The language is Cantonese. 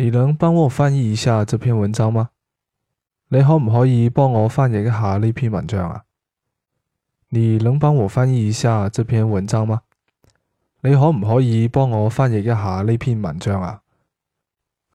你能幫我翻譯一下這篇文章嗎？你可唔可以幫我翻譯一下呢篇文章啊？你能幫我翻譯一下這篇文章嗎？你可唔可以幫我翻譯一下呢篇文章啊？